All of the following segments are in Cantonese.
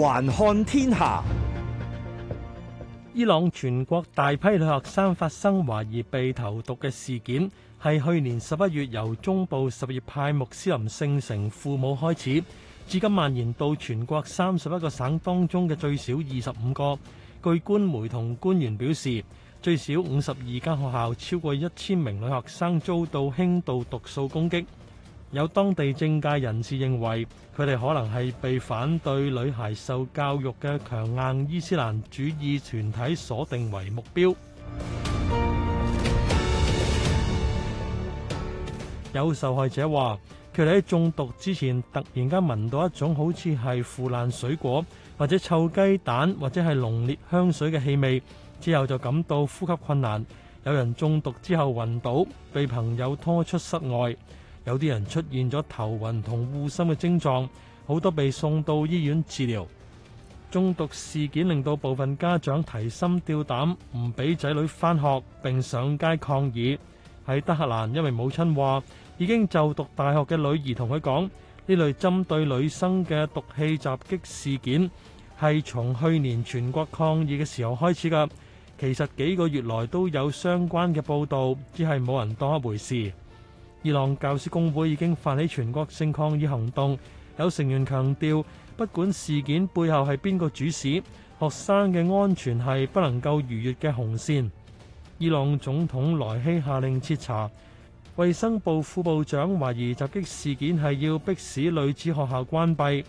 環看天下，伊朗全國大批女學生發生懷疑被投毒嘅事件，係去年十一月由中部什葉派穆斯林聖城庫姆開始，至今蔓延到全國三十一個省當中嘅最少二十五個。據官媒同官員表示，最少五十二間學校，超過一千名女學生遭到輕度毒素攻擊。有當地政界人士認為，佢哋可能係被反對女孩受教育嘅強硬伊斯蘭主義團體鎖定為目標。有受害者話，佢哋喺中毒之前突然間聞到一種好似係腐爛水果或者臭雞蛋或者係濃烈香水嘅氣味，之後就感到呼吸困難。有人中毒之後暈倒，被朋友拖出室外。有啲人出現咗頭暈同噁心嘅症狀，好多被送到醫院治療。中毒事件令到部分家長提心吊膽，唔俾仔女返學，並上街抗議。喺德黑蘭，一位母親話：已經就讀大學嘅女兒同佢講，呢類針對女生嘅毒氣襲擊事件係從去年全國抗議嘅時候開始㗎。其實幾個月來都有相關嘅報導，只係冇人當一回事。伊朗教師工會已經發起全國性抗議行動，有成員強調，不管事件背後係邊個主使，學生嘅安全係不能夠逾越嘅紅線。伊朗總統萊希下令徹查，衛生部副部長懷疑襲擊事件係要迫使女子學校關閉。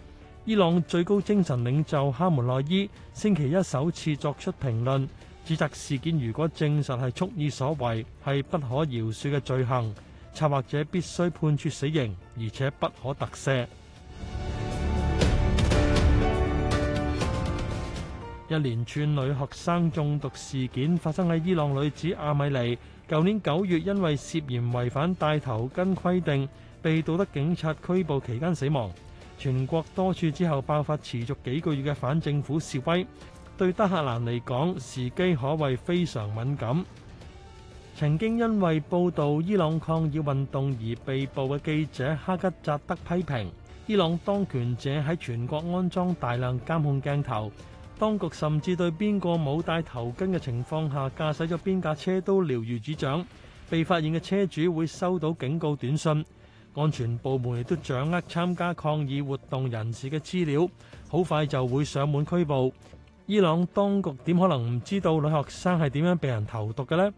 伊朗最高精神領袖哈梅內伊星期一首次作出評論，指責事件如果證實係蓄意所為，係不可饒恕嘅罪行。策劃者必須判處死刑，而且不可特赦。一連串女學生中毒事件發生喺伊朗女子阿米尼，舊年九月因為涉嫌違反帶頭巾規定，被道德警察拘捕期間死亡。全國多處之後爆發持續幾個月嘅反政府示威，對德黑蘭嚟講，時機可謂非常敏感。曾經因為報導伊朗抗議運動而被捕嘅記者哈吉扎德批評：伊朗當權者喺全國安裝大量監控鏡頭，當局甚至對邊個冇戴頭巾嘅情況下駕駛咗邊架車都瞭如指掌。被發現嘅車主會收到警告短信，安全部門亦都掌握參加抗議活動人士嘅資料，好快就會上門拘捕。伊朗當局點可能唔知道女學生係點樣被人投毒嘅呢？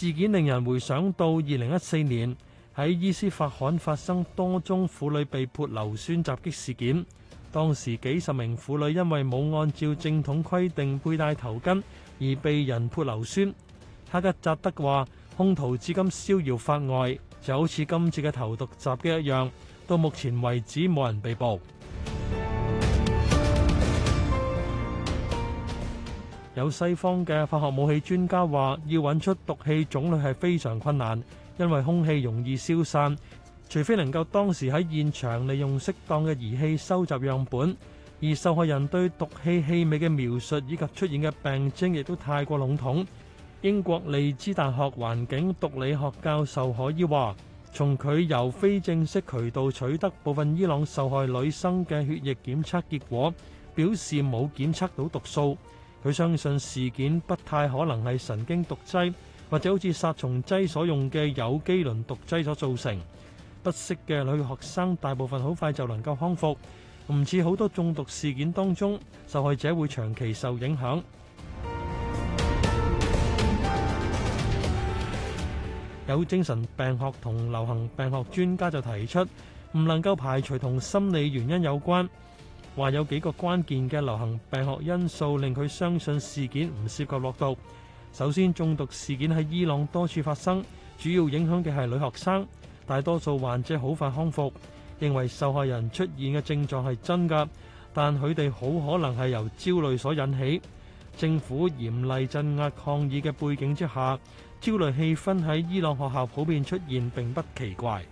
事件令人回想到二零一四年喺伊斯法罕發生多宗婦女被潑硫酸襲擊事件，當時幾十名婦女因為冇按照正統規定佩戴頭巾而被人潑硫酸。哈吉扎德話，凶徒至今逍遙法外，就好似今次嘅投毒襲擊一樣，到目前為止冇人被捕。有西方嘅化學武器專家話，要揾出毒氣種類係非常困難，因為空氣容易消散，除非能夠當時喺現場利用適當嘅儀器收集樣本。而受害人對毒氣氣味嘅描述以及出現嘅病徵亦都太過籠統。英國利茲大學環境毒理學教授可以話，從佢由非正式渠道取得部分伊朗受害女生嘅血液檢測結果，表示冇檢測到毒素。佢相信事件不太可能係神經毒劑或者好似殺蟲劑所用嘅有機磷毒劑所造成。不適嘅女學生大部分好快就能夠康復，唔似好多中毒事件當中受害者會長期受影響。有精神病學同流行病學專家就提出，唔能夠排除同心理原因有關。話有幾個關鍵嘅流行病學因素令佢相信事件唔涉及落毒。首先，中毒事件喺伊朗多處發生，主要影響嘅係女學生，大多數患者好快康復。認為受害人出現嘅症狀係真㗎，但佢哋好可能係由焦慮所引起。政府嚴厲鎮壓抗議嘅背景之下，焦慮氣氛喺伊朗學校普遍出現並不奇怪。